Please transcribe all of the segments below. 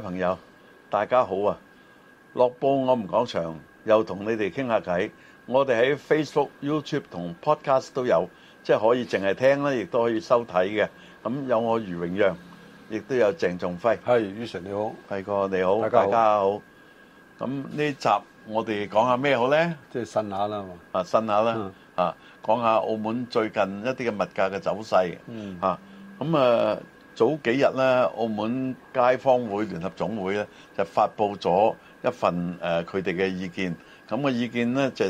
朋友，大家好啊！樂報我們講場，又同你哋傾下偈。我哋喺 Facebook、YouTube 同 Podcast 都有，即係可以淨係聽咧，亦都可以收睇嘅。咁有我余榮讓，亦都有鄭仲輝。係余 Sir 你好，係哥你好，大家好。咁呢集我哋講下咩好咧？即係呻下啦嘛。啊，呻下啦啊！講下澳門最近一啲嘅物價嘅走勢。嗯啊，咁啊。早幾日咧，澳門街坊會聯合總會咧就發布咗一份誒佢哋嘅意見。咁個意見咧就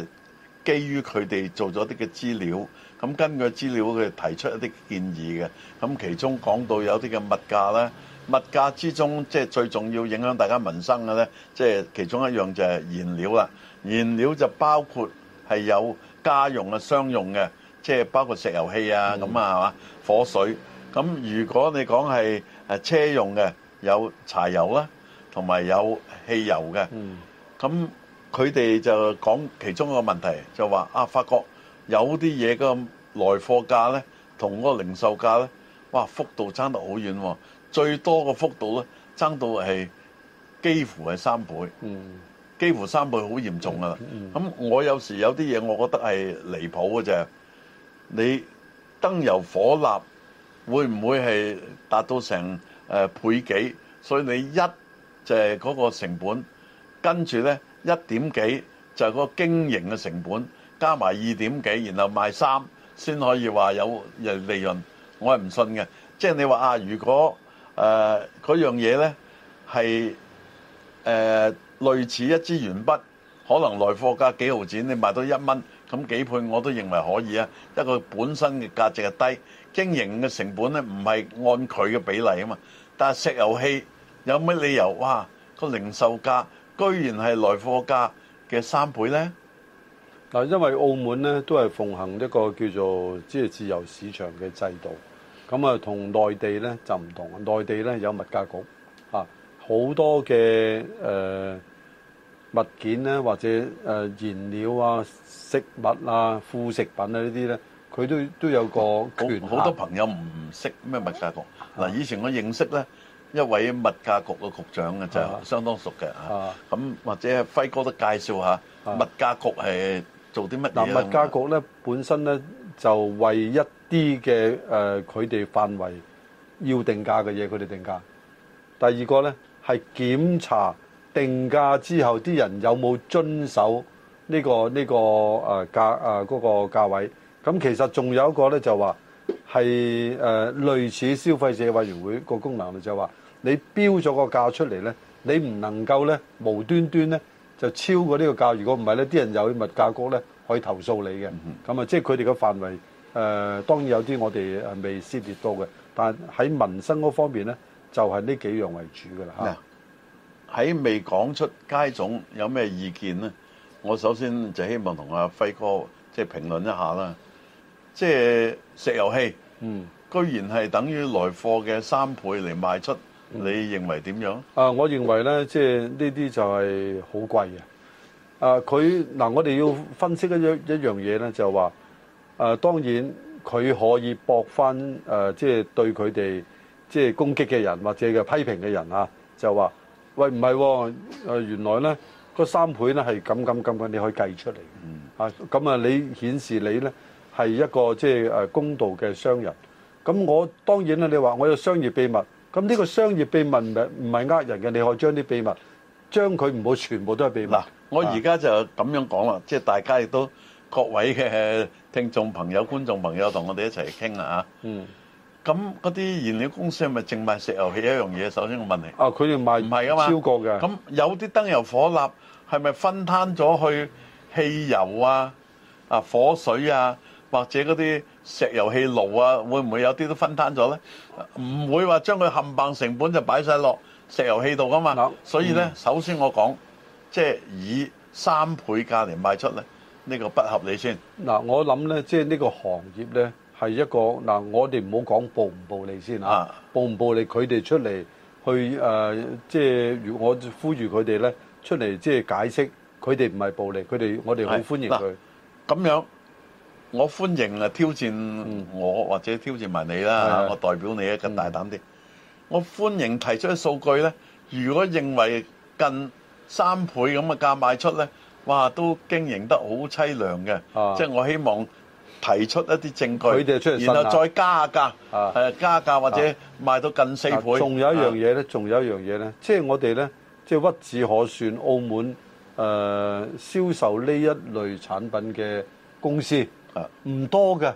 基於佢哋做咗啲嘅資料，咁根據資料佢提出一啲建議嘅。咁其中講到有啲嘅物價咧，物價之中即係最重要影響大家民生嘅咧，即係其中一樣就係燃料啦。燃料就包括係有家用啊、商用嘅，即係包括石油氣啊，咁、嗯、啊，係嘛火水。咁如果你講係誒車用嘅，有柴油啦，同埋有，有汽油嘅，咁佢哋就講其中一個問題就話啊，發覺有啲嘢嘅來貨價呢，同嗰個零售價呢，哇，幅度差得好遠喎！最多個幅度呢，爭到係幾乎係三倍、嗯，幾乎三倍好嚴重啊！咁、嗯嗯、我有時有啲嘢，我覺得係離譜嘅啫。就係、你燈油火蠟。會唔會係達到成誒倍幾？所以你一就係嗰個成本，跟住呢一點幾就係嗰個經營嘅成本，加埋二點幾，然後賣三先可以話有利潤。我係唔信嘅。即係你話啊，如果誒嗰、呃、樣嘢呢係誒、呃、類似一支鉛筆，可能來貨價幾毫錢，你賣到一蚊。咁幾倍我都認為可以啊，一個本身嘅價值係低，經營嘅成本咧唔係按佢嘅比例啊嘛。但係石油氣有乜理由，哇，個零售價居然係來貨價嘅三倍咧？嗱，因為澳門咧都係奉行一個叫做即係自由市場嘅制度，咁啊同內地咧就唔同，內地咧有物價局啊，好多嘅誒。物件咧，或者誒燃料啊、食物啊、副食品啊呢啲咧，佢都都有個權限。好多朋友唔識咩物價局。嗱、啊，以前我認識咧一位物價局嘅局長嘅就相當熟嘅嚇。咁、啊啊啊、或者輝哥都介紹下物價局係做啲乜嘢？嗱、啊，物價局咧本身咧就為一啲嘅誒，佢、呃、哋範圍要定價嘅嘢，佢哋定價。第二個咧係檢查。定價之後，啲人有冇遵守呢、這個呢、這個誒、呃、價嗰、呃那個價位？咁其實仲有一個咧，就話係誒類似消費者委員會個功能，就話你標咗個價出嚟咧，你唔能夠咧無端端咧就超過呢個價。如果唔係咧，啲人有物價局咧可以投訴你嘅。咁、嗯、啊，即係佢哋嘅範圍誒、呃，當然有啲我哋係未涉獵到嘅，但係喺民生嗰方面咧，就係、是、呢幾樣為主㗎啦、啊喺未講出街，總有咩意見呢？我首先就希望同阿輝哥即係評論一下啦。即係石油氣，嗯，居然係等於來貨嘅三倍嚟賣出，你認為點樣、嗯？啊，我認為呢，即係呢啲就係、是、好貴嘅。啊，佢嗱、啊，我哋要分析一一一樣嘢呢，就話、是、啊，當然佢可以駁翻誒，即係對佢哋即係攻擊嘅人或者嘅批評嘅人啊，就話、是。就是喂，唔係喎，原來咧，嗰三倍咧係咁咁咁嘅，你可以計出嚟。嗯。啊，咁啊，你顯示你咧係一個即係誒公道嘅商人。咁我當然啦，你話我有商業秘密。咁呢個商業秘密唔唔係呃人嘅，你可以將啲秘密，將佢唔好全部都係秘密。嗱，我而家就咁樣講啦，即係啊，大家亦都各位嘅聽眾朋友、觀眾朋友同我哋一齊傾啊。嗯。咁嗰啲燃料公司係咪淨賣石油氣一樣嘢？首先我問你。啊，佢哋賣唔係啊嘛。超過嘅。咁有啲燈油火蠟係咪分攤咗去汽油啊？啊，火水啊，或者嗰啲石油氣爐啊，會唔會有啲都分攤咗咧？唔會話將佢冚棒成本就擺晒落石油氣度噶嘛。所以咧，首先我講，即係以三倍價嚟賣出咧，呢個不合理先。嗱，我諗咧，即係呢個行業咧。係一個嗱，我哋唔好講暴唔暴利先嚇，暴唔暴利佢哋出嚟去誒，即係我呼籲佢哋咧出嚟即係解釋，佢哋唔係暴利，佢哋我哋好歡迎佢。咁樣我歡迎誒挑戰我或者挑戰埋你啦嚇，我代表你啊，更大膽啲。我歡迎提出嘅數據咧，如果認為近三倍咁嘅價賣出咧，哇，都經營得好淒涼嘅，即係我希望。提出一啲證據，佢哋出嚟，然後再加價、啊，加價或者賣到近四倍。仲、啊、有一樣嘢咧，仲、啊、有一樣嘢咧，即、就、係、是、我哋咧，即、就、係、是、屈指可算澳門誒、呃、銷售呢一類產品嘅公司，唔、啊、多嘅。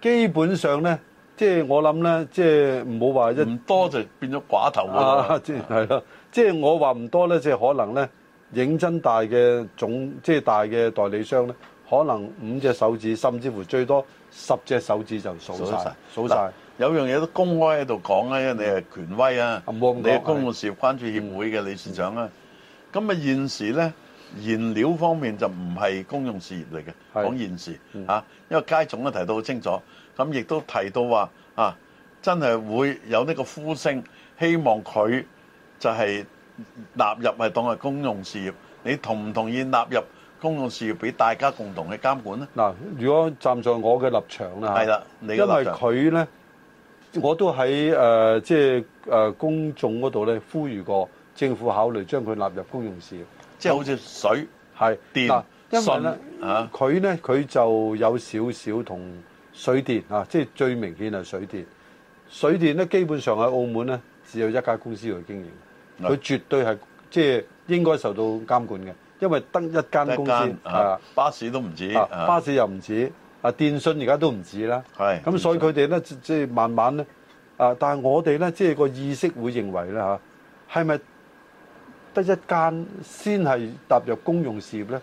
基本上咧，即、就、係、是、我諗咧，即係唔好話一唔多就變咗寡頭啊！即係係啦，即係、就是、我話唔多咧，即、就、係、是、可能咧，認真大嘅總，即、就、係、是、大嘅代理商咧。可能五隻手指，甚至乎最多十隻手指就數晒。數晒有樣嘢都公開喺度講啊！嗯、因為你係權威啊，嗯、你係公共事業關注協會嘅理事長啊！咁、嗯、啊現時咧，燃料方面就唔係公用事業嚟嘅、嗯，講現時，嗯、因為街總都提到好清楚，咁亦都提到話啊，真係會有呢個呼聲，希望佢就係納入係當係公用事業，你同唔同意納入？公用事業俾大家共同去監管咧。嗱，如果站在我嘅立場咧嚇，因為佢咧，我都喺誒即係誒公眾嗰度咧呼籲過政府考慮將佢納入公用事業，即、就、係、是、好似水係電，呃，因為咧佢咧佢就有少少同水電嚇，即、啊、係、就是，最明顯係水電。水電咧基本上喺澳門咧，只有一家公司去經營，佢絕對係即係應該受到監管嘅。因為得一間公司，啊，巴士都唔止、啊，巴士又唔止，啊，電信而家都唔止啦。係咁，所以佢哋咧，即係慢慢咧，啊！但係我哋咧，即係個意識會認為咧嚇，係咪得一間先係踏入公用事業咧？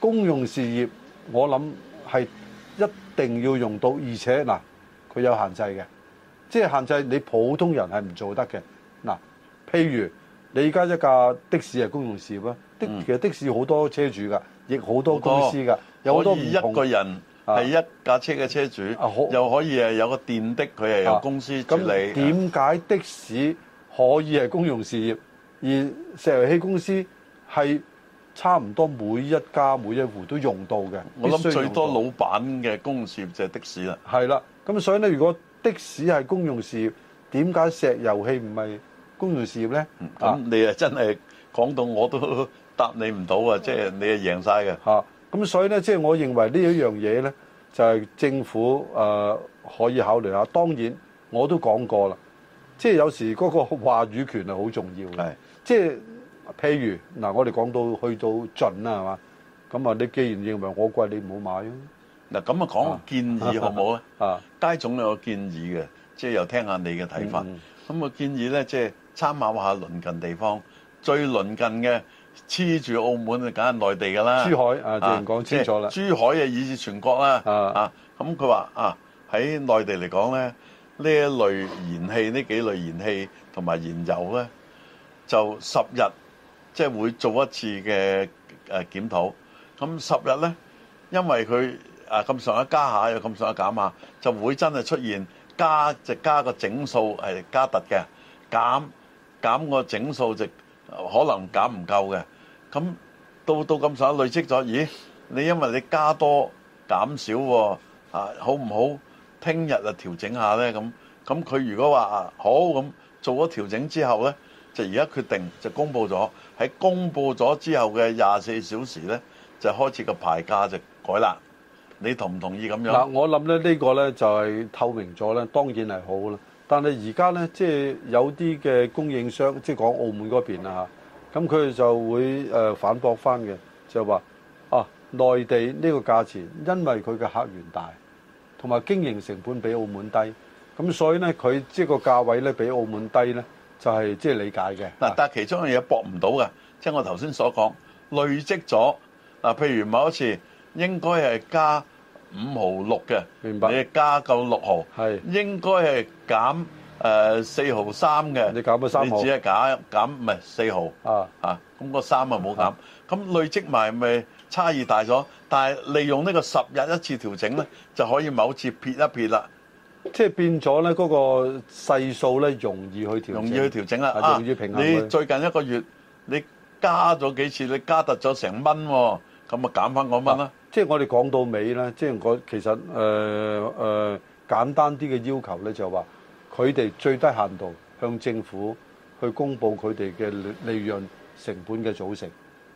公用事業我諗係一定要用到，而且嗱，佢、啊、有限制嘅，即係限制你普通人係唔做得嘅。嗱、啊，譬如。你而家一架的士係公用事業咯？的、嗯、其實的士好多車主噶，亦好多公司噶，有好多一個人係一架車嘅車主、啊，又可以係有個電的，佢係有公司處理。咁你點解的士可以係公用事業，而石油氣公司係差唔多每一家每一戶都用到嘅？我諗最多老闆嘅公用事業就係的士啦。係啦，咁所以咧，如果的士係公用事業，點解石油氣唔係？公用事業咧，咁你啊真係講到我都答你唔到啊！即係你啊贏曬嘅。嚇，咁所以咧，即係我認為呢一樣嘢咧，就係政府誒可以考慮下。當然我都講過啦，即係有時嗰個話語權係好重要嘅。即係譬如嗱，我哋講到去到盡啦，係嘛？咁啊，你既然認為我貴，你唔好買啊。嗱，咁啊講個建議好唔好咧？啊，街總有個建議嘅，即係又聽下你嘅睇法。咁啊建議咧，即係。參考下鄰近地方，最鄰近嘅黐住澳門，梗係內地㗎啦。珠海啊，講清楚啦。珠海啊，以至全國啦。啊，咁佢話啊，喺、啊啊、內地嚟講咧，呢一類燃氣、呢幾類燃氣同埋燃油咧，就十日即係、就是、會做一次嘅誒檢討。咁十日咧，因為佢啊咁上一加一下又咁上一減一下，就會真係出現加就加個整數係加突嘅減。減個整數值可能減唔夠嘅，咁到到咁上下累積咗，咦？你因為你加多減少喎，啊好唔好？聽日啊調整下咧咁，咁佢如果話啊好咁做咗調整之後咧，就而家決定就公佈咗，喺公佈咗之後嘅廿四小時咧就開始個牌價就改啦。你同唔同意咁樣？嗱，我諗咧呢個咧就係透明咗咧，當然係好啦。但係而家呢，即係有啲嘅供應商，即係講澳門嗰邊啦，咁佢哋就會誒反駁翻嘅，就話啊，內地呢個價錢，因為佢嘅客源大，同埋經營成本比澳門低，咁所以呢，佢即係個價位呢，比澳門低呢，就係即係理解嘅。嗱，但其中嘅嘢駁唔到嘅，即係我頭先所講累積咗嗱，譬如某一次應該係加。五毫六嘅，明白？你加夠六毫，係應該係減誒四毫三嘅，你減咗三毫，你只係減減唔係四毫啊？吓，咁個三啊冇減，咁累積埋咪差異大咗？但係利用呢個十日一次調整咧，就可以某次撇一撇啦，即係變咗咧嗰個細數咧容易去調容易去調整啦。啊，容易平衡，你最近一個月你加咗幾次？你加突咗成蚊，咁啊減翻個蚊啦。即係我哋講到尾啦，即係我其實誒誒、呃呃、簡單啲嘅要求咧，就話佢哋最低限度向政府去公布佢哋嘅利潤成本嘅組成。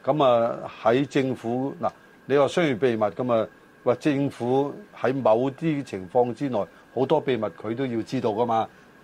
咁啊喺政府嗱，你話需要秘密咁啊？話政府喺某啲情況之內，好多秘密佢都要知道噶嘛。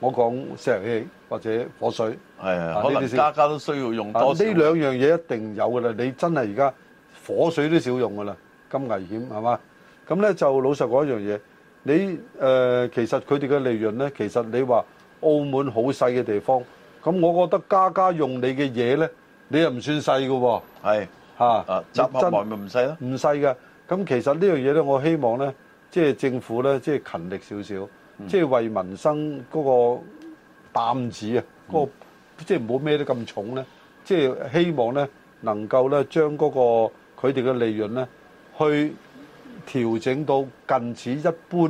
我講石油氣或者火水，係啊，可能家家都需要用多、啊。呢兩樣嘢一定有㗎啦。你真係而家火水都少用㗎啦，咁危險係嘛？咁咧就老實講一樣嘢，你誒、呃、其實佢哋嘅利潤咧，其實你話澳門好細嘅地方，咁我覺得家家用你嘅嘢咧，你又唔算細㗎喎。係嚇、啊，集合埋咪唔細咯？唔細㗎。咁其實這東西呢樣嘢咧，我希望咧，即係政府咧，即係勤力少少。即係為民生嗰個擔子啊，嗰個即係唔好孭得咁重咧。即係希望咧能夠咧將嗰個佢哋嘅利潤咧，去調整到近似一般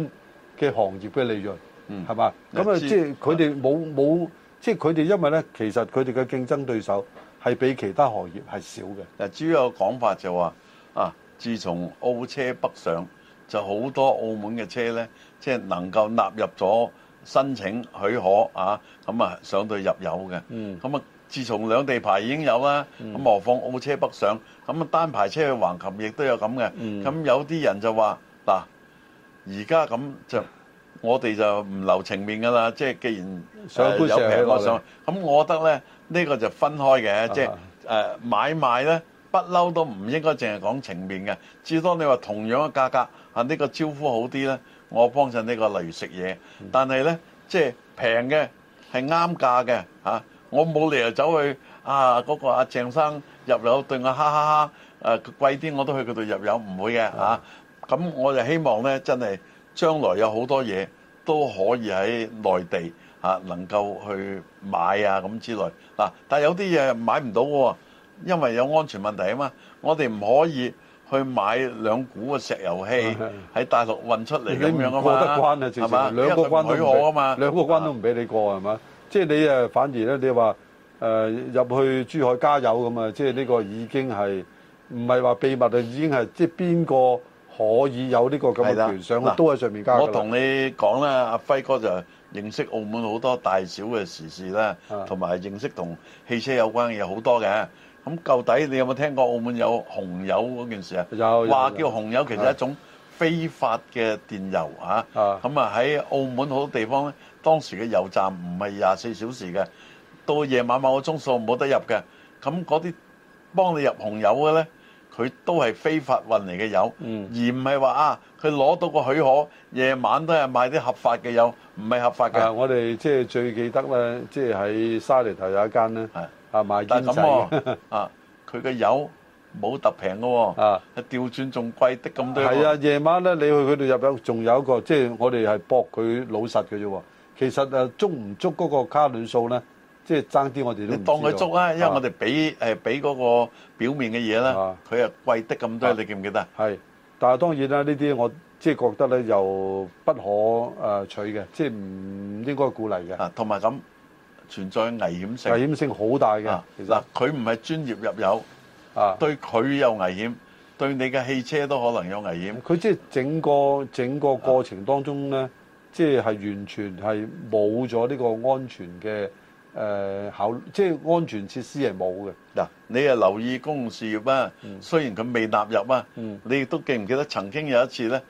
嘅行業嘅利潤、嗯，係嘛？咁、嗯、啊，即係佢哋冇冇，即係佢哋因為咧，其實佢哋嘅競爭對手係比其他行業係少嘅、嗯。嗱，主要嘅講法就話、是、啊，自從澳車北上。就好多澳門嘅車咧，即係能夠納入咗申請許可啊，咁啊上到入油嘅。咁、嗯、啊，自從兩地牌已經有啦，咁、嗯、何況澳車北上，咁啊單牌車去橫琴亦都有咁嘅。咁、嗯、有啲人就話：嗱、啊，而家咁就我哋就唔留情面噶啦，即係既然上、呃、有平我上，咁我，我覺得咧呢、呢個就分開嘅、啊，即係誒、啊、買賣咧。不嬲都唔應該淨係講情面嘅，至多你話同樣嘅價格，啊呢個招呼好啲咧，我幫襯呢個，例如食嘢。但係咧，即係平嘅係啱價嘅嚇，我冇理由走去啊嗰個阿鄭生入樓對我哈哈哈，誒貴啲我都去佢度入樓，唔會嘅嚇。咁我就希望咧，真係將來有好多嘢都可以喺內地啊，能夠去買啊咁之類嗱，但係有啲嘢買唔到喎。因為有安全問題啊嘛，我哋唔可以去買兩股嘅石油氣喺大陸運出嚟咁樣啊嘛，係嘛？兩個關都唔俾你過啊嘛，即係你誒反而咧，你話誒入去珠海加油咁啊，即係呢個已經係唔係話秘密啊？已經係即係邊個可以有呢個咁嘅權想啊？都喺上面加我同你講啦，阿輝哥就。認識澳門好多大小嘅時事啦同埋認識同汽車有關嘅嘢好多嘅。咁到底你有冇聽過澳門有紅油嗰件事啊？有話叫紅油其實係一種非法嘅電油嚇。咁啊喺、啊啊啊、澳門好多地方咧，當時嘅油站唔係廿四小時嘅，到夜晚某個鐘數冇得入嘅。咁嗰啲幫你入紅油嘅咧？佢都係非法運嚟嘅油，而唔係話啊，佢攞到個許可，夜晚都係賣啲合法嘅油，唔係合法嘅。啊，我哋即係最記得咧，即係喺沙梨頭有一間咧，啊賣煙仔嘅，啊佢嘅油冇特平嘅喎，啊調轉仲貴啲咁多。係啊，夜晚咧，你去佢度入油，仲有一個，即係我哋係搏佢老實嘅啫喎。其實啊，捉唔捉嗰個卡頓數咧？即係爭啲，我哋都唔當佢捉啦，因為我哋俾俾嗰個表面嘅嘢啦，佢係、啊、貴得咁多，啊、你記唔記得？係，但係當然啦，呢啲我即係、就是、覺得咧，又不可取嘅，即係唔應該鼓勵嘅。啊，同埋咁存在危險性，危險性好大嘅。啊、其實佢唔係專業入油啊，對佢有危險，對你嘅汽車都可能有危險。佢即係整個整個過程當中咧，即係係完全係冇咗呢個安全嘅。誒、呃、考即係安全設施係冇嘅。嗱，你又留意公共事業啊？嗯、雖然佢未納入啊，嗯、你亦都記唔記得曾經有一次咧，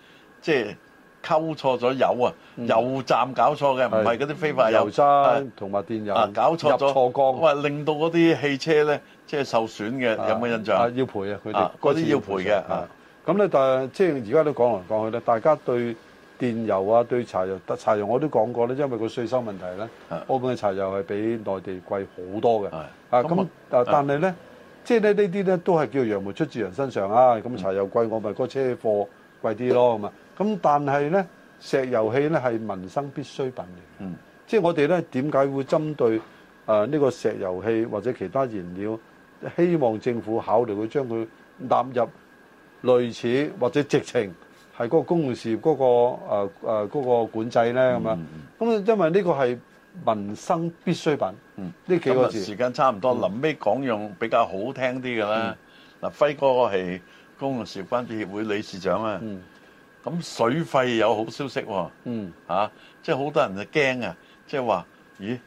即係溝錯咗油啊、嗯，油站搞錯嘅，唔係嗰啲非法油站同埋電油啊，啊，搞錯咗，錯缸，哇、啊！令到嗰啲汽車咧即係受損嘅、啊，有冇印象？啊，要賠啊，佢哋嗰啲要賠嘅。咁、啊、咧，但係、啊啊、即係而家都講嚟講去咧，大家對。電油啊，對柴油、柴油我都講過咧，因為個稅收問題咧，澳門嘅柴油係比內地貴好多嘅。啊，咁啊，但係咧，即係咧呢啲咧都係叫羊毛出自人身上啊！咁柴油貴，我咪個車貨貴啲咯咁啊！咁但係咧，石油氣咧係民生必需品嚟嘅。嗯，即係我哋咧點解會針對誒呢個石油氣或者其他燃料，希望政府考慮會將佢納入類似或者直情。係嗰個公共事業嗰個誒誒嗰個管制咧咁樣，咁因為呢個係民生必需品，呢幾個字，時間差唔多，臨尾講樣比較好聽啲嘅啦。嗱，輝哥個係公共事業關注協會理事長啊，咁水費有好消息喎，嚇！即係好多人就驚啊，即係話咦，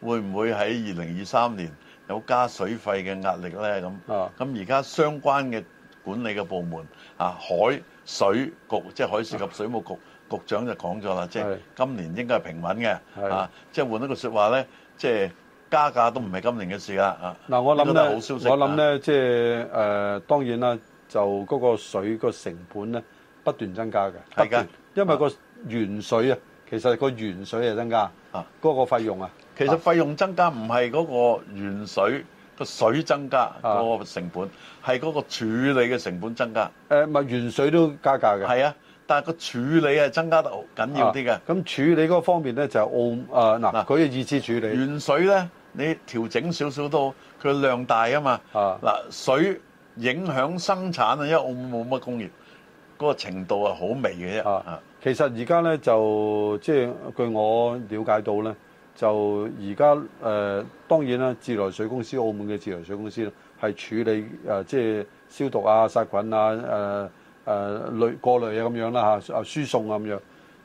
會唔會喺二零二三年有加水費嘅壓力咧咁？咁而家相關嘅管理嘅部門啊，海水局即係海事及水務局局長就講咗啦，啊、即係今年應該係平穩嘅、啊，啊，即係換一個説話咧，即係加價都唔係今年嘅事啦，啊、就是。嗱，我諗咧，我諗咧，即係誒，當然啦，就嗰個水個成本咧不斷增加嘅。係噶，因為個原水啊，其實個原水係增加啊，嗰個費用啊，其實費用增加唔係嗰個原水，個水增加、嗰個成本係嗰、啊、個處理嘅成本增加。唔、呃、咪原水都加價嘅。係啊，但係個處理係增加得緊要啲嘅。咁、啊、處理嗰方面咧，就澳誒嗱，佢、啊、嘅意思處理。原、啊、水咧，你調整少少都，佢量大啊嘛。啊，嗱、啊，水影響生產啊，因為澳冇乜工業，嗰、嗰個程度係好微嘅啫、啊。啊，其實而家咧就即係據我了解到咧。就而家誒，當然啦，自來水公司澳門嘅自來水公司係處理誒、呃，即係消毒啊、殺菌啊、誒、呃，誒濾過濾啊咁樣啦吓誒輸送啊咁樣，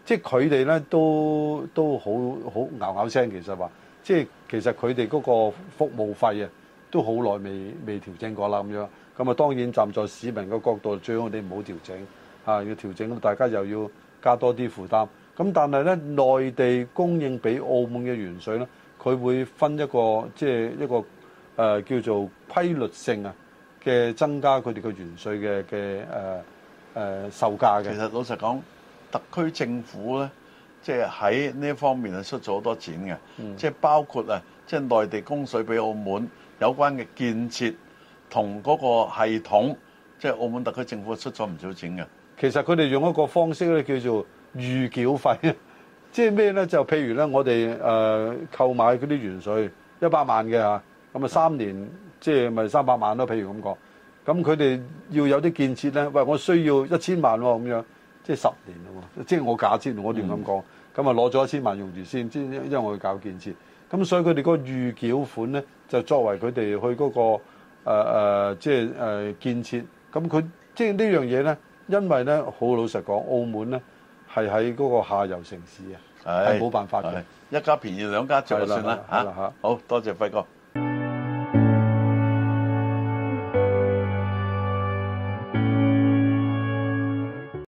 即係佢哋咧都都好好咬咬聲。其實話，即係其實佢哋嗰個服務費啊都好耐未未調整過啦咁樣，咁啊當然站在市民嘅角度，最好我哋唔好調整啊，要調整，大家又要加多啲負擔。咁但係咧，內地供應俾澳門嘅原水咧，佢會分一個即係一個誒、呃、叫做規律性啊嘅增加佢哋嘅原水嘅嘅售價嘅。其實老實講，特區政府咧，即係喺呢一方面係出咗好多錢嘅，即、嗯、係包括啊，即、就、係、是、內地供水俾澳門有關嘅建設同嗰個系統，即、就、係、是、澳門特區政府出咗唔少錢嘅。其實佢哋用一個方式咧叫做預繳費，即係咩呢？就譬如呢，我哋誒購買嗰啲元稅一百萬嘅，咁啊三年即係咪三百萬咯？譬如咁講，咁佢哋要有啲建設呢，喂，我需要一千萬喎，哦，咁樣即係十年喎，即、就、係、是、我假設我哋咁講，咁啊攞咗一千萬用住先，係因為我要搞建設，咁所以佢哋嗰個預繳款呢，就作為佢哋去嗰、那個誒即係建設。咁佢即係呢樣嘢呢，因為呢，好老實講，澳門呢。係喺嗰個下游城市啊，係冇辦法嘅，一家便宜兩家就算啦，啊、好多謝輝哥。